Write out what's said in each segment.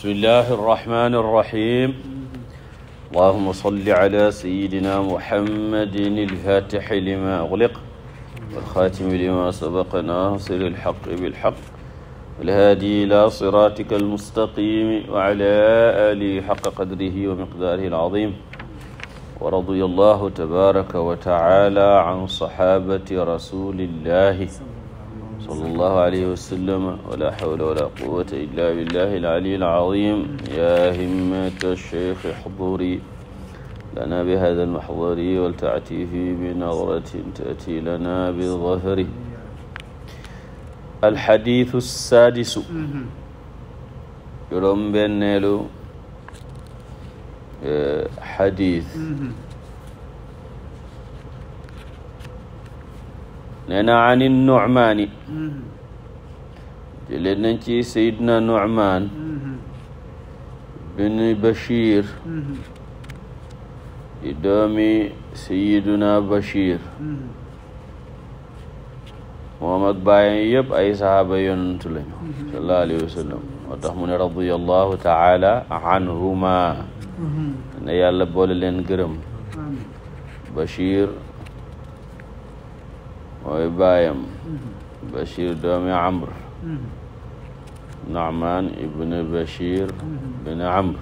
bismillahi arrahmani arrahim allahuma salli ala sayidina muhammadin alfatixi lima ugliq walxaatimi lima sabaqa nasiri alxaqi bilxaq walhaadi ila siratika almustaqimi wa ala alihi xaqa qadrihi wa miqdaarihi alazim wa radiya allahu tabaraka wa taala an saxaabati rasulillahi صلى الله عليه وسلم ولا حول ولا قوة إلا بالله العلي العظيم يا همة الشيخ احضري لنا بهذا المحضر ولتعتيه بنظرة تأتي لنا بظهره الحديث السادس juróom-benneelu xadiis nee na an nucmaani mm-hmm. jëlee nañ ci sayidna nucmaan mm-hmm. bin bachir mm-hmm. di doomi sayiduna bachir moom ak bàyyen yëpp ay sahaaba yonantu lañu sallallahu alayhi wa sallam moo tax mu ne radiallahu taala anhuma ne yàlla boole leen gërëm bachir mooy baayam bashir doomi amr naaman ibnu bashir bin amr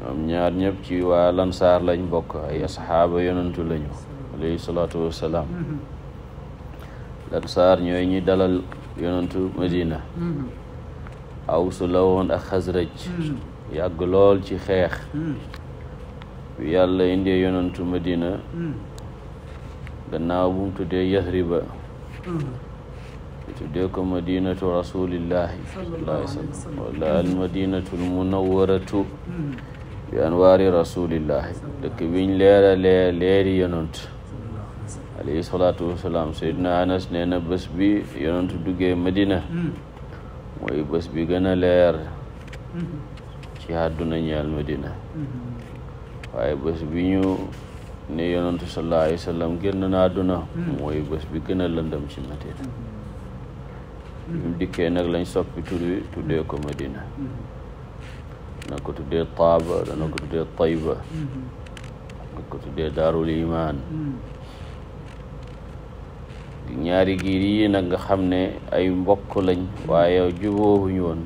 ñoom ñaar ñëpp ci waa saar lañ bokk ay asxaaba yonantu lañu alayhi salaatu wassalaam lansaar ñooy ñi dalal yonantu madina awsu la woon ak xasraj yàgg lool ci xeex bi yàlla yonantu madina gannaaw bu mu tuddee Yasriba mu tuddee ko madinatu rasulillahi sallallahu al madinatu l munawwaratu bi anwaari rasulillahi dëkk biñ leeralee leeri yonant alayhi anas nee na bés bi yonant madina mooy bés bi gën a leer ci àdduna ñeel madina mm-hmm. waaye bés ne yonantu sallallahu alayhi wa sallam génn na àdduna hmm. mooy bés bi gën a lëndëm ci Madina ñu hmm. dikkee nag lañ soppi tur wi tuddee ko Madina hmm. dana ko tuddee Taaba dana ko tuddee Tayba dana ko tuddee Daarul Imaan ñaari giir yi nag nga xam ne ay mbokk lañ waaye jubóowuñu woon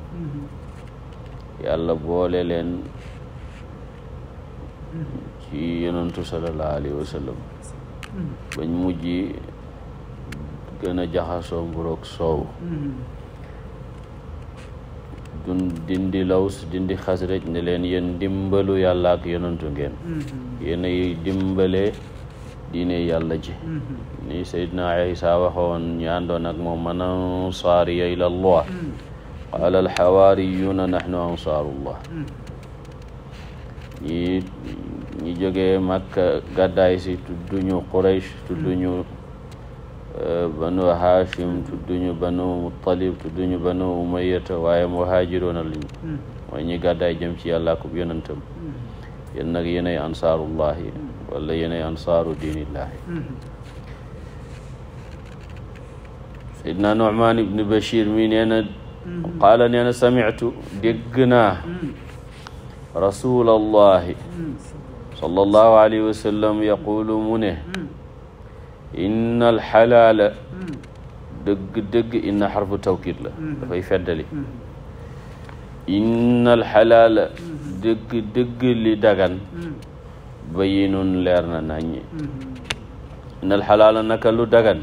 yàlla boole leen ci yonentu sallallahu alayhi wa sallam bañ mujj gën a jaxasoo soow dun dindi laws dindi xasraj ne leen yéen dimbalu yàlla ak yonentu ngeen yéenay dimbalee diine yàlla ji ni Seydina Isa waxoon ñu àndoon ak moom man ansaariya ila allah qaala alxawaariyuuna nahnu ansaarullah ñi di jógee Makka gàddaay si tudduñu Quraysh tudduñu euh, banu Haashim tudduñu banu Muttalib tudduñu banu Umayyata waaye muhaajiroona lañu hmm. mooy ñi gàddaay jëm ci yàlla ko yonentam hmm. yéen nag yéenay ansaarullahi hmm. wala yéenay ansaaru diinillahi sayidna Bashir mi nee na qaala nee na samictu dégg sallallahu alayhi wa sallam yaqulu mu ne inna alxalaala dëgg-dëgg inna xarfu tawkid la dafay feddali inna alxalaala dëgg-dëgg li dagan bayinun leer na naññi inna alxalaala naka lu dagan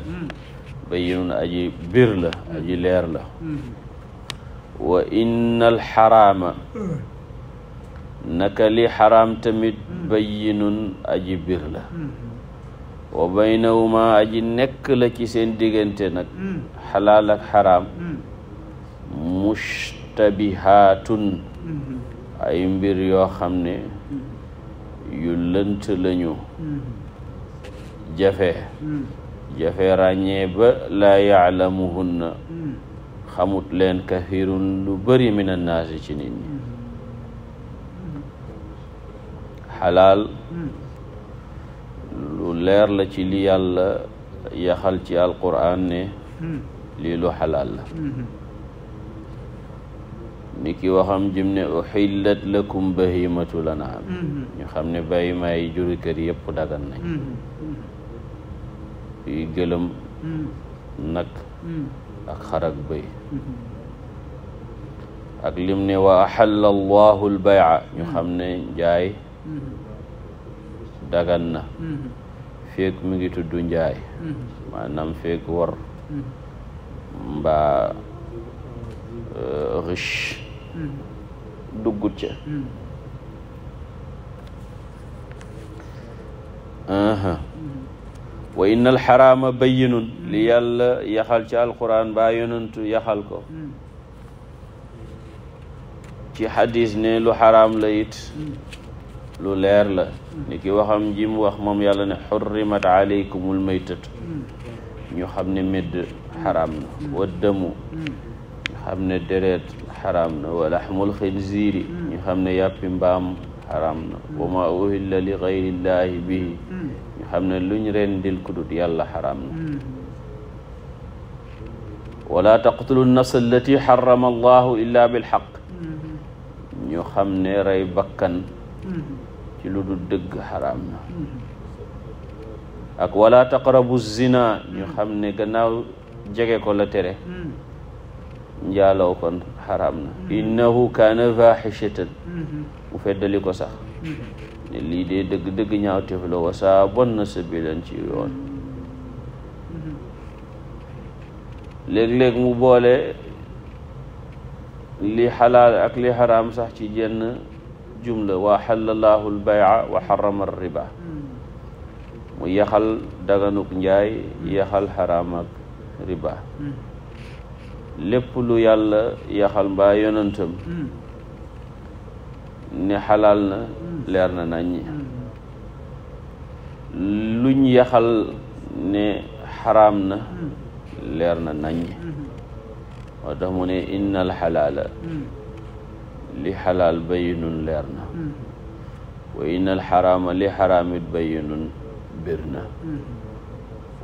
bayinun aji bir la aji leer la wa inna alxaraama naka li xaram tamit bayyinun aji bir la wa baynahuma aji nekk la ci seen diggante nag xalaal ak xaraam mushtabihaatun ay mbir yoo xam ne yu lënt lañu jafe jafe ràññee ba la laa yaalamuhunna xamut leen kathirun lu bari min annaasi ci nit xalaal hmm. lu leer la ci li la yaxal ci alquran ne hmm. lii lu xalaal la hmm. ni ki waxam jim ne uxillat lakum bahimatul anaam ñu xam ne bahimaa yi juri kër yëpp dagan nañ yuy gëlëm nag ak xarak bëy ak lim ne wa axalla allahu albaya ñu xam ne njaay Mm-hmm. dagan na mm-hmm. feek mi ngi tudd njaay mm-hmm. maanaam feek wor mbaa euh, riche duggut ca wa inna li yàlla yaxal ci alquran baa yonantu yaxal ko ci xadis ne lu xaraam la lu leer la ni ki waxam ji mu wax moom yàlla ne ne na wa dëmu ñu xam ne deret xaraam na wa laxmul xinziiri ñu xam ne yàppi mbaam xaraam wa ma uhilla li gayrillaahi bihi ñu xam ne luñ rendil kudut yàlla xaraam na wala taqtulu nafsa allati xarama allahu illa bilxaq ñu xam ne rey ci lu dul dëgg xaraam na ak wala taqrabu zina ñu xam ne gannaaw jege ko la tere njaaloo kon xaraam na innahu kaana faaxishatan mu feddali ko sax ne lii dee dëgg-dëgg ñaaw teef la wasaa na sabilan ci yoon léeg-léeg mu boole li xalaal ak li xaraam sax ci jenn jumla wa xalallahu lbaya wa xarama riba hmm. mu yaxal daganuk njaay hmm. yaxal xaraam riba hmm. lépp lu yàlla yaxal mbaa yonantam ne xalaal na leer na naññi luñ yaxal ne xaraam na leer na naññi moo tax ne inna alxalaala li xalaal bayinun leer na mm. wa innal xaraama li xaraamit bayinun bir na mm.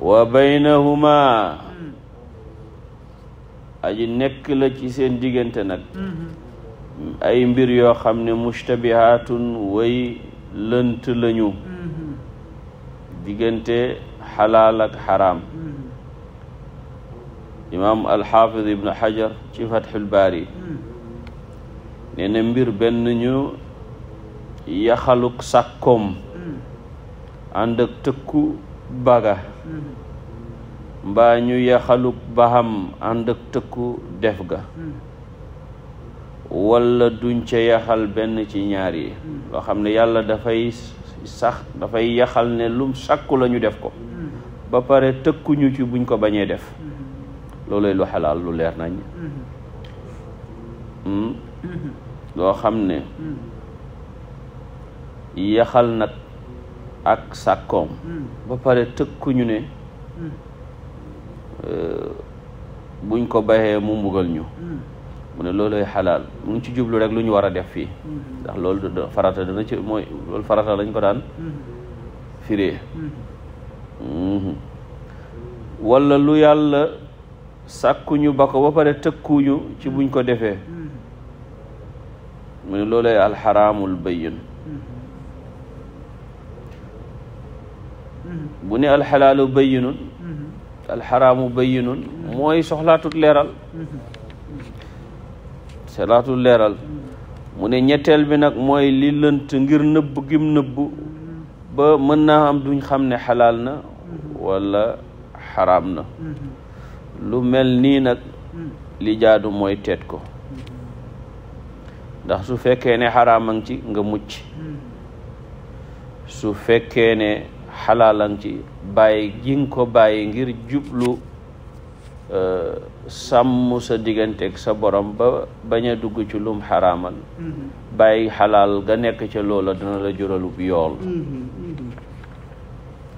wa baynahuma mm. aji nekk la ci seen diggante nag mm-hmm. ay mbir yoo xam ne mushtabihaatun way lënt lañu mm-hmm. diggante xalaal ak xaraam mm-hmm. imaam alxaafid ibnu xajar ci fatxul baari nee na mbir benn ñu yaxaluk sàkkoom ànd ak tëkku baga mbaa ñu yaxaluk baxam ànd ak tëkku def ga wala duñ ca yaxal benn ci ñaar yi loo xam ne yàlla dafay sax dafay yaxal ne lu sàkku lañu def ko ba pare tëkkuñu ci buñ ko bañee def loolooy lu xalaal lu leer nañ mm-hmm. Mm-hmm. Mm-hmm. loo xam ne yaxal nag ak sàkkoom hmm. ba pare ñu ne hmm. euh, buñ ko bayee mu mbugal ñu hmm. mu ne looloy xalaal mu ci jublu rek lu ñu war a def fii ndax loolu farata mooy loolu farata lañ ko daan firee walla lu yàlla sàkkuñu ba ko ba pare tëkkuñu ci buñ ko defee mu ne al alxaraamul bayin mm-hmm. bu ne alxalaalu bayinun mm-hmm. alxaraamu bayinun mm-hmm. mooy soxlaatut leeral soxlaatut leeral mu ne ñetteel bi nag mooy li lënt ngir nëbb gim nëbb ba mën naa am duñ xam ne xalaal na wala xaraam na lu mel nii nag li jaadu mooy teet ko ndax su fekkee ne xaraama ci nga mucc su fekkee ne xalaala ngi ci bàyyi gi ko bàyyi ngir jublu euh, sàmm sa digganteeg sa borom ba bañ a dugg ci lum xaraamal mm-hmm. bàyyi xalaal ga nekk ca loola dana la juralub yool mm-hmm.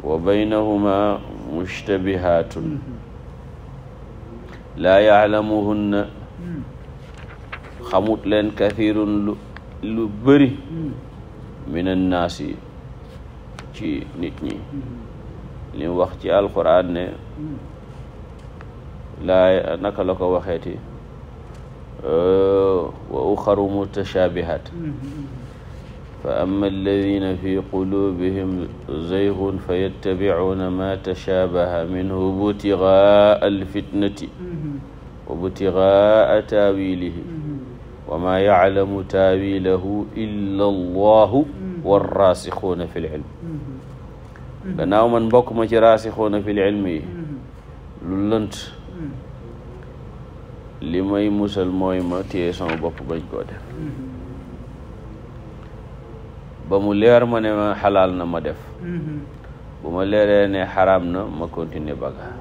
wa baynahuma mushtabihatun mm-hmm. laa yaalamuhunna xamut leen kathirun lu lu bëri min annaas yi ci nit ñi li mu wax ci alquran ne laa naka la ko waxeeti wa uxaru mutashabihat fa amma alladina fi qulubihim zaygun fa yattabicuuna ma tashabaha minhu butigaa alfitnati wa butigaa taawilihi wa maa yaclamu taawilahu illa allahu warraasixuuna fi lilm gannaaw man mbokk ma ci raasixuuna fi lilm yi lu lënt li may musal mooy ma téye sama bopp bañ koo def ba mu leer ma ne ma xalaal na ma def bu ma leeree ne xaraam na ma continuer baga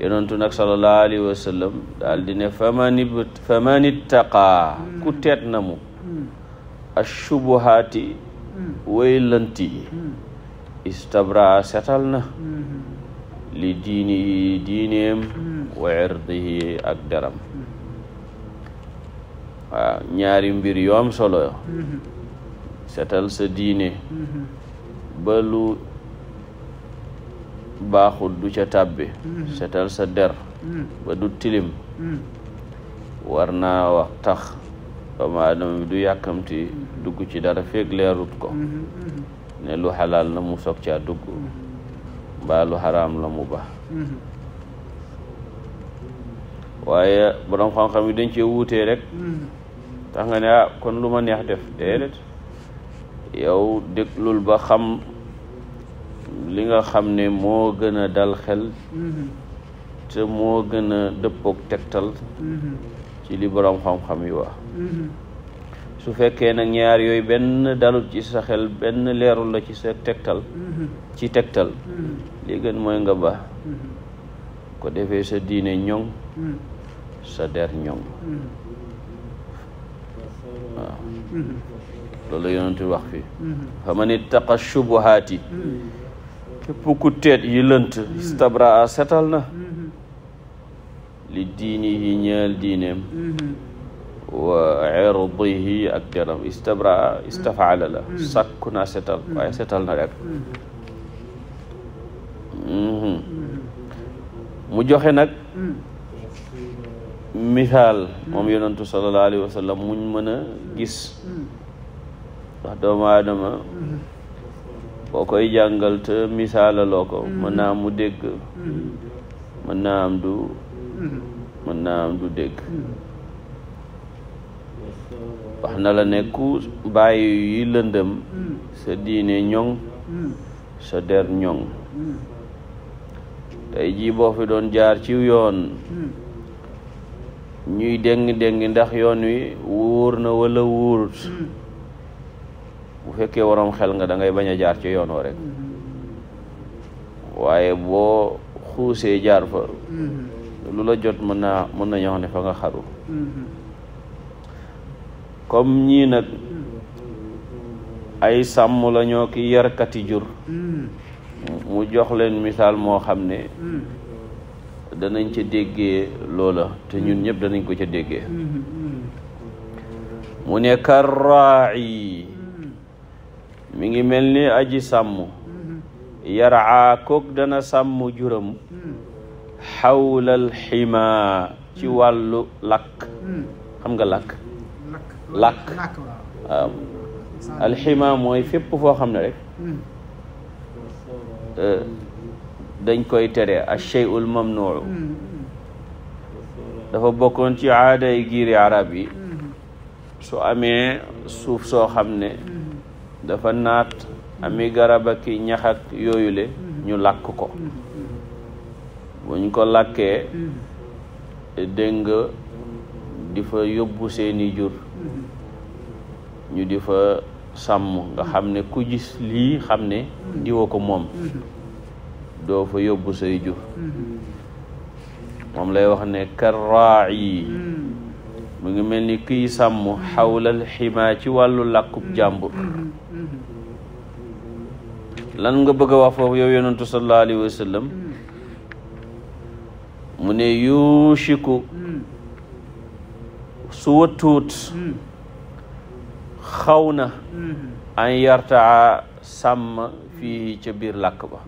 yonentu nag sallallahu alayhi wa sallam daal di ne faman hmm. ku teet na mu hmm. ashubuhaati hmm. way lënt istabraa setal na li diini yi diineem wa irdihi ak deram waaw ñaari mbir yoom solo setal sa diine ba baaxul du ca tàbbi mm-hmm. setal sa der mm-hmm. ba du tilim mm-hmm. war naa wax tax doomu du yàkkamti dugg ci dara feeg leerut ko ne lu xalaal na mu soog caa dugg mbaa lu xaraam la mu ba waaye borom xam-xam yi dañ cee wuutee rek tax nga ne ah, kon lu ma neex def déedéet yow déglul ba xam li nga xam ne moo gën a dal xel mm-hmm. te moo gën a dëppoog tegtal mm-hmm. ci li boroom xam-xam yi wax mm-hmm. su fekkee nag ñaar yooyu benn dalut ci sa xel benn leeru la ci sa tegtal ci tegtal li gën mooy nga ba ko defee sa diine ñoŋ sa der ñoŋ waaw loolu yonentu wax fi fa man ittaqa shubuhaati képp ku teet yi lënt mm-hmm. a setal na mm-hmm. li diini yi diineem mm-hmm. wa irdihi ak deram istabraa istafaala la sàkku naa setal mu joxe nag misaal moom yonantu sallallahu alayhi wa muñ mën a gis ndax aadama boo koy jàngal te misaalaloo ko mm-hmm. mën naa mu dégg mm-hmm. mën naa am du mm-hmm. naa am dégg wax na la nekku bàyyi yi lëndëm sa diine ñoŋ sa der ñoŋ tey jii fi doon jaar ci yoon ñuy déng déng ndax yoon wi wóor na walla wóorut bu fekkee waroom xel nga dangay bañ a jaar ci yoon wa rek waaye boo xuusee jaar fa mm-hmm. lu la jot mën naa mën na ñoo ne fa nga xaru mm-hmm. comme ñii nag mm-hmm. ay sàmm la ki yarkati jur mu jox leen misaal moo xam ne danañ ca déggee loola te ñun ñëpp danañ ko ca déggee mu ne karraayi mi ngi mel ni aji sàmm yaraa koog dana sàmm juram xawlal ximaa ci wàllu lakk xam nga lakk lakk waaw mooy fépp foo xam ne rek hmm. euh, dañ koy tere acheyul mamnuu hmm, hmm. dafa bokkoon ci aaday giiri arab yi su amee suuf soo xam ne dafa naat ami garab ak i ñax ak yooyule ñu làkk ko ñu ko làkkee dégg nga di fa yóbbu seeni jur ñu di fa sàmm nga xam ne ku gis lii xam ne diwa ko moom doo fa yóbbu say jur moom lay wax ne karraa yi mu ngi mel ni kiy sàmm xawlal ximaa ci wàllu làkkub jàmbur lan nga bëgg a wax foofu yow yonentu sallallahu alayhi mu ne yuushiku su wëttuut xaw na an yartaa sàmm fii ca biir làkk ba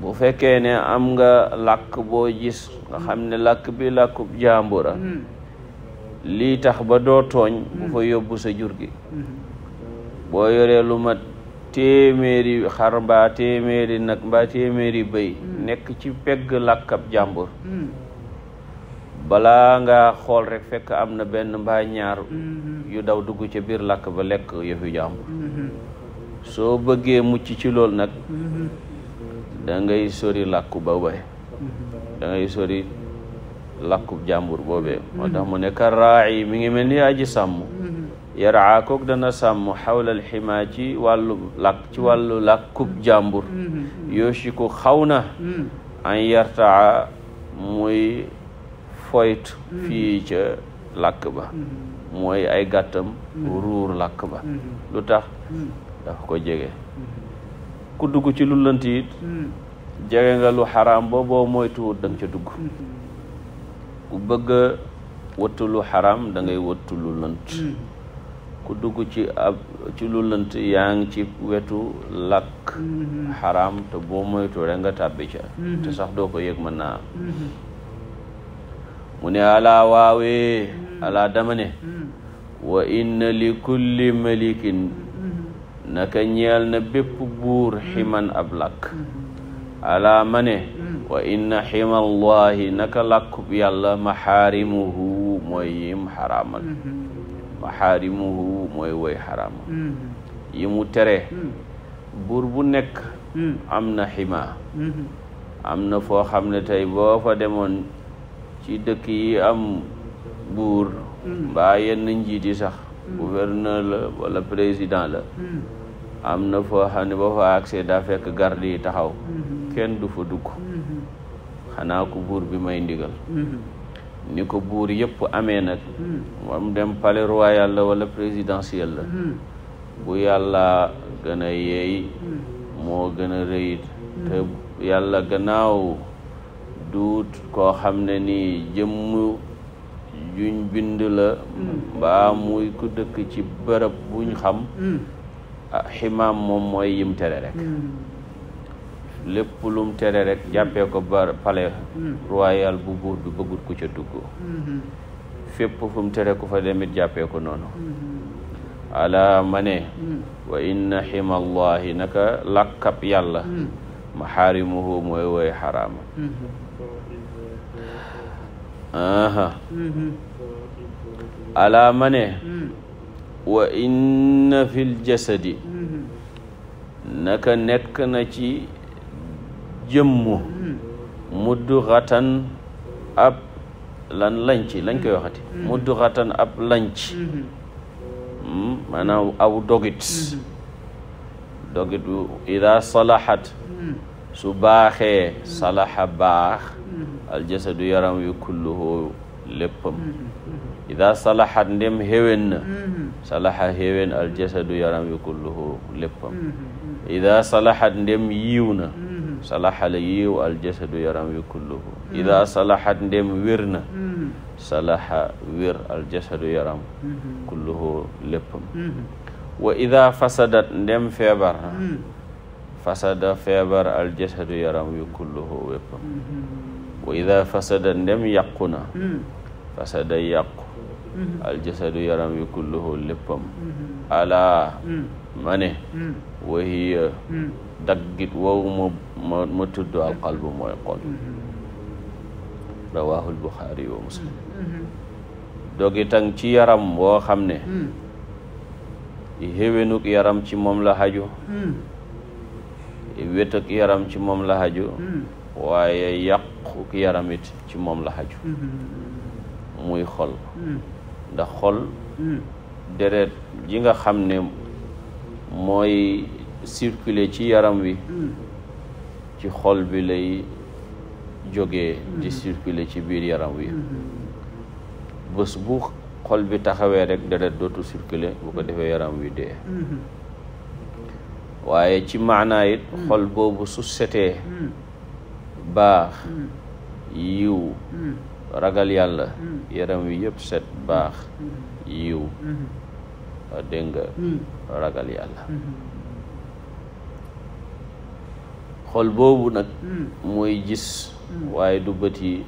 bu fekkee ne am nga làkk boo gis nga xam ne làkk bi làkkub jàmbura lii tax ba doo tooñ bu fa yóbbu sa jur gi boo yoree lu mat téeméeri xar mbaa téeméeri nag mbaa téeméeri bëy mm. nekk ci pegg làkkab jàmbur mm. balaa ngaa xool rek fekk am na benn mbaa ñaar mm-hmm. yu daw dugg ca biir làkk ba lekk yëfu jàmbur mm-hmm. soo bëggee mucc ci lool nag mm-hmm. da ngay sori làkku ba bay da sori làkkub jàmbur boobee moo tax mu ne ka raayi ngi mel ni aji sàmm yaraa dana sàmm xawlal ximaa ci wàllu làkk ci wàllu làkkub jàmbur mm-hmm. yooshiku xaw na mm-hmm. an yartaa muy foyt mm-hmm. fii ca làkk ba mooy ay gàttam ruur làkk ba lu tax dafa ko jege ku dugg ci lu lënt it jege nga lu xaraam ba boo moytuwut da nga ca dugg ku bëgg a wëttu lu xaraam da ngay lu lënt ku dugg ci ab ci lënt yaa ngi ci wetu lakk mm-hmm. xaraam te boo moytu rek nga tàbbi ca mm-hmm. te sax doo ko yëg mën naa mm-hmm. mu ne alaa waawee alaa dama ne wa inna li kulli malikin naka ñeel na bépp buur ximan ab lakk alaa ma ne wa inna xima allahi naka làkkub yàlla maxaarimuhu mooy yim xaraamal maxaarimuhu mooy woy xaraama mm-hmm. yi mu tere mm-hmm. buur bu nekk mm-hmm. am na xima am na foo xam ne tey boo fa demoon ci dëkk yi am buur mbaa yenn njiit yi sax gouverneur la wala président la am na foo xam ne boo fa accès daa fekk garde yi taxaw kenn du fa dugg xanaa ku buur bi may ndigal ni ko buur yëpp amee nag moom dem palais royal la wala présidentiel la hmm. bu yàlla gën yeey hmm. moo gën a rëyit te yàlla gannaaw duut koo xam ne nii jëmm juñ bind la hmm. mbaa muy ku dëkk ci bërëb buñ xam ah, ximaam moom mooy yim tere rek lépp lum tere rek ko bar palais mm-hmm. royal bu buur bi ku ca dugg mm-hmm. fépp ku fa demit jàppee ko noonu mm-hmm. ala ma ne wa inna ximallahi naka lakkab yàlla maxaarimuhu mooy woy xaraama aha ala wa inna fil jasadi naka nekk na ci jëmmu hmm. mudduxatan ab lan lanc lañ koy hmm. waxati hmm. mudduxatan ab lanc maanaam aw dogit dogit su baaxee salaxa baax aljasadu yaram wi kulluhu léppam ida salahat ndem xéwén na salaxa xéwén aljasadu yaram wi kulluhu léppam ida salaxat ndem yiw na salaxala yiiw aljasadu yaram wi kulluhu mm. ida salaxat ndem wér na mm. salaxa wér aljasadu yaram mm-hmm. kulluhu léppam mm-hmm. wa ida fasadat ndem feebar na mm. fasada feebar aljasadu yaram wi kulluhu wéppam mm-hmm. wa ida fasadat ndem yàqu na fasada yàqu aljasadu yaram wi kulluhu léppam alaa ma ne wahiya daggit woowu ma ma tudd al qalbu mooy xol rawaahul buxaari wa muslim dogitan ci yaram woo xam ne xéwénuk yaram ci moom la xaju wétak yaram ci moom la xaju waaye yàquk yaram ci moom la xaju muy xol ndax xol deret ji nga xam ne mooy circuler ci yaram wi hmm. ci xol bi lay jógee hmm. di circuler ci biir yaram wi hmm. bés bu xol bi taxawee rek deret dootu circuler bu ko defee yaram wi dee waaye ci maanaa it xol boobu su setee baax yiw ragal yàlla yaram wi yëpp set baax yiw dégg nga ragal yàlla xol boobu nag hmm. mooy gis hmm. waaye du bët yi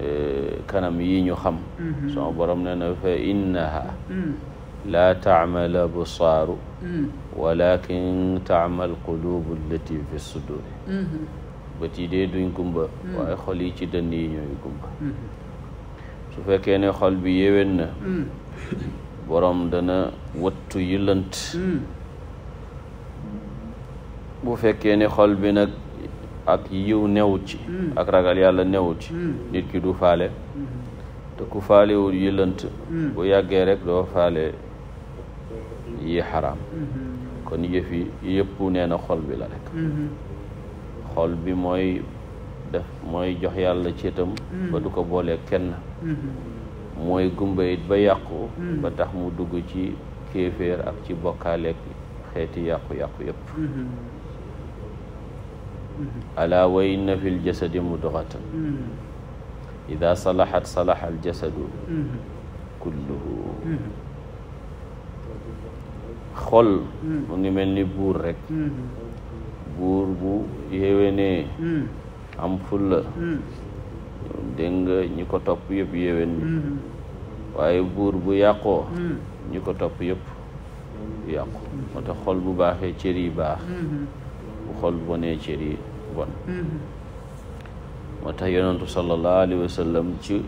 eh, kanam yi ñu xam hmm. sama borom ne na fa innaha laa taama l absaaru walakin taama al qulubu allati fi suduri bët yi dee duñ gumba waaye xol yi ci dënn yi ñooy gumba su fekkee ne xol bi yéwén na borom dana wattu yi lënt bu fekkee ne xol bi nag ak yiw newut ci mm. ak ragal yàlla newut ci mm. nit ki du faale mm-hmm. te ku faalewul yi mm. bu yàggee rek doo faale yi xaraam mm-hmm. kon yëf yi yëpp na xol bi la rek mm-hmm. xol bi mooy def mooy jox yàlla céetam ba du ko boole kenn mooy gumba it ba yàqu ba tax mu dugg ci kéeféer ak ci bokkaaleeg xeeti yàqu-yàqu yëpp alaa wa inna fi ljasadi mudgatan ida salaxat salaxa aljasadu kulluhu xol mu ngi mel ni buur rek buur bu yéwénee am fulla dégg nga ñi ko topp yëpp yéwén waaye buur bu yàqoo ñi ko topp yëpp yàqu moo tax xol bu baaxe cër baax bu xol bonee cër yi bon mm-hmm. moo tax yonentu sallallahu alayhi wa sallam ci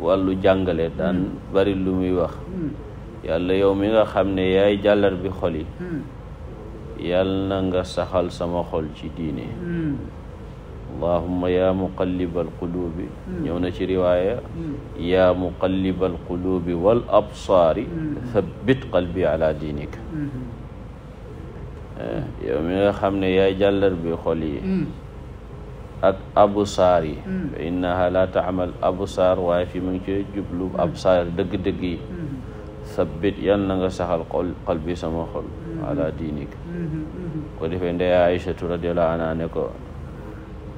wàllu jàngale daan mm-hmm. bari lu muy wax mm-hmm. yàlla yow mi nga xam ne yaay jàllar bi xol yi yàlla na nga saxal sama xol ci diine allahumma yaa muqallibal quluubi ñëw na ci riwaaya yaa muqallibal quluubi wal absaari thabbit qalbi ala diinika Eh, yow mi nga xam ne yaay jàllar bi xol yi hmm. ak abusaar yi hmm. fa innaha la taamal abusaar waaye fi mu ngi ci jublu hmm. absaar dëgg-dëgg yi sabbit yal na nga saxal xol xol sama xol ala diinik ko defee ndey Aïchatu ne ko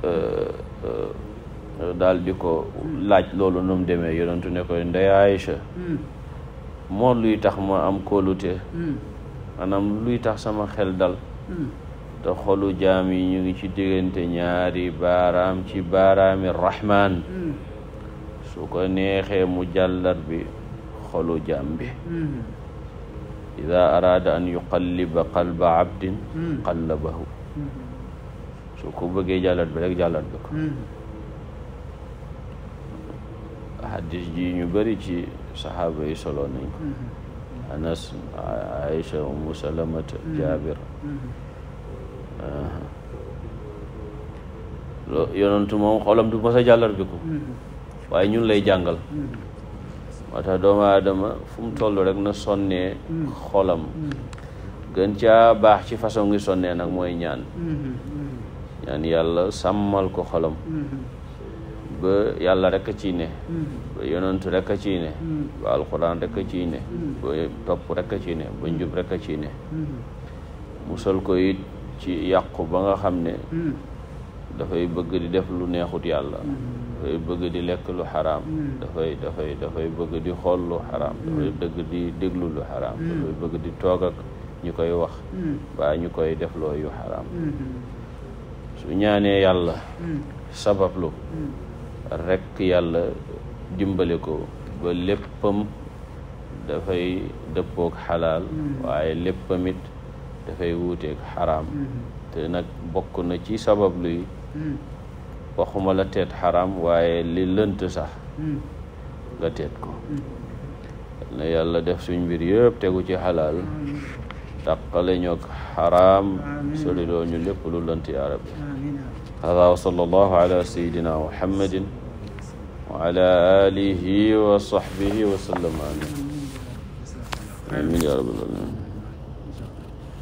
eh, eh, daal di laaj loolu nu mu demee yonentu ne koy ndey Aïcha moo luy tax mo am kolu kóolute maanaam luy tax sama xel dal hmm. te xolu jaam yi ñu ngi ci diggante ñaari baaraam ci baaraami rahmaan hmm. su ko neexee mu jàllar bi xolu jaam bi hmm. ida araada an yuqalliba qalba abdin qallabahu su ko bëggee jàllat bi rek jàllat bi ko hadis ji ñu bari ci saxaaba yi solo nañ anas aisha umu salamat jaabir mm-hmm. moom xolam du mos a jàllar mm-hmm. waaye ñun lay jàngal mm-hmm. moo tax doomu aadama fu mu toll rek na sonnee xolam gën caa baax ci façon ngi sonnee nag mooy ñaan ñaan yàlla sàmmal ko xolam ba yàlla rek a ci ne mm. ba yonantu rek mm. mm. a ciy ne ba alxuraan rek a ci ne ba topp rek a ci ne ba njub rek a ci ne musal ko it ci yàqu ba nga xam ne dafay bëgg di def lu neexut yàlla dafay bëgg di lekk lu xaraam dafay dafay dafay bëgg di xool lu xaraam dafay bëgg di déglu lu xaraam dafay bëgg di toog ak ñu koy wax baa ñu koy def looyu xaraam mm-hmm. su ñaanee yàlla sabablu rekk yàlla dimbale ko ba léppam dafay dëppook xalaal mm-hmm. waaye léppamit dafay wuuteek xaraam mm-hmm. te nag bokk na ci sabab luy mm-hmm. waxuma la teet xaraam waaye li lënt sax nga teet ko na yàlla def suñ mbir yëpp tegu ci xalaal tàqale ñoog xaraam soliloo ñu lépp lu lënt yaa rabbi hada wa sallallahu ala sayidina muhammadin wa ala alihi wa sahbihi wa sallam amin amin ya rabbal alamin